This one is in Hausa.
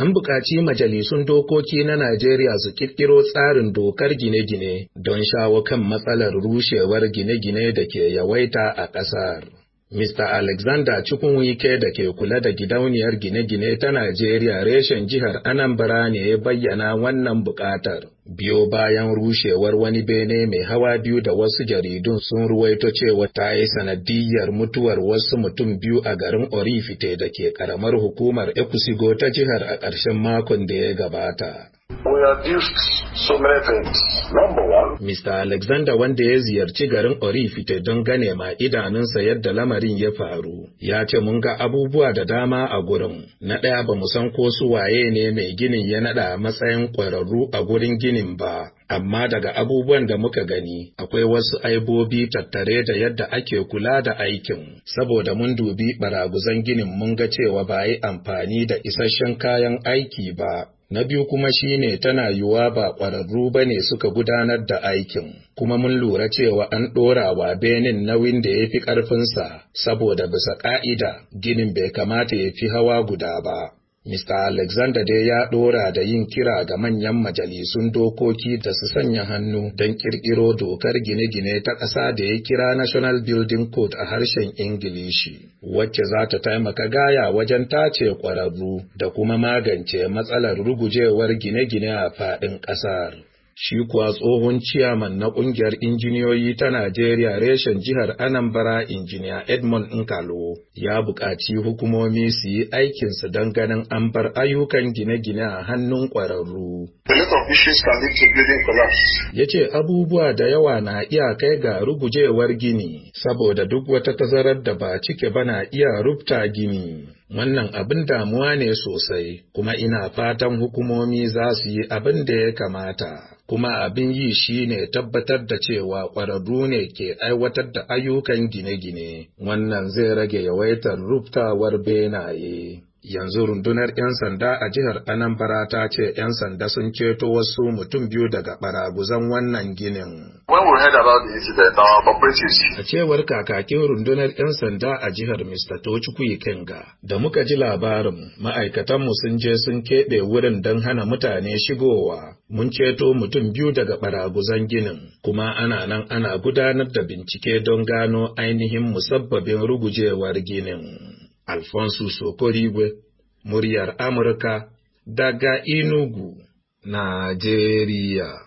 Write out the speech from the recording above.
an buƙaci majalisun dokoki na Najeriya su ƙirƙiro tsarin dokar gine-gine don shawo kan matsalar rushewar gine-gine da ke yawaita a ƙasar. Mr. Alexander wike da ke kula da gidauniyar gine-gine ta Najeriya reshen jihar Anambra ne ya bayyana wannan buƙatar. Biyo bayan rushewar wani bene mai hawa biyu da wasu jaridun sun ruwaito cewa ta yi sanadiyyar mutuwar wasu mutum biyu a garin Orifite da ke ƙaramar hukumar Ekusigo ta jihar a ƙarshen makon da ya gabata. We are so many things. Number one. Mr. Alexander wanda ya ziyarci garin Orifite don gane ma idanunsa yadda lamarin ya faru, ya ce mun ga abubuwa da dama a gurin. Na ɗaya ba mu san ko su waye ne mai ginin ya naɗa matsayin ƙwararru a gurin ginin ba. amma daga abubuwan da muka gani akwai wasu aibobi tattare da yadda ake kula da aikin saboda mun dubi baraguzan ginin mun ga cewa ba yi amfani da isasshen kayan aiki ba Na biyu kuma shine tana yiwuwa ba ƙwararru ba ne suka gudanar da aikin, kuma mun lura cewa an ɗora wa benin nauyin da ya fi ƙarfinsa, saboda bisa ƙa'ida ginin bai kamata ya fi hawa guda ba. Mr. Alexander dai ya ɗora da yin kira ga manyan majalisun dokoki da su sanya hannu don ƙirƙiro dokar gine-gine ta ƙasa da ya kira National Building Code a harshen Ingilishi, wacce za ta taimaka gaya wajen tace ƙwararru da kuma magance matsalar rugujewar gine-gine a faɗin ƙasar. shi kuwa tsohon ciyaman na kungiyar injiniyoyi ta Najeriya reshen jihar Anambra injiniya Edmond Nkalo ya buƙaci hukumomi su yi aikinsu don ganin an bar ayyukan gine-gine a hannun ƙwararru. Ya ce abubuwa da yawa na iya kai ga rugujewar gini saboda duk wata tazarar da ba cike ba na iya rubta gini. Wannan abin damuwa ne sosai, kuma ina fatan hukumomi za su yi abin da ya kamata. kuma abin yi shi ne tabbatar da cewa ƙwararru ne ke aiwatar da ayyukan gine-gine, wannan zai rage yawaitar ruftawar benaye. yanzu rundunar 'yan sanda a jihar anambra ta ce 'yan sanda sun ceto wasu mutum biyu daga baraguzan wannan ginin a cewar kakakin rundunar 'yan sanda a jihar mr tochukwu kenga da muka ji labarin ma'aikatanmu sun je sun keɓe wurin don hana mutane shigowa mun ceto mutum biyu daga baraguzan ginin kuma ana nan ana gudanar da bincike don gano ainihin musabbabin rugujewar ginin Alfonsus Okorigwe, muryar Amurka daga Inugu, Najeriya.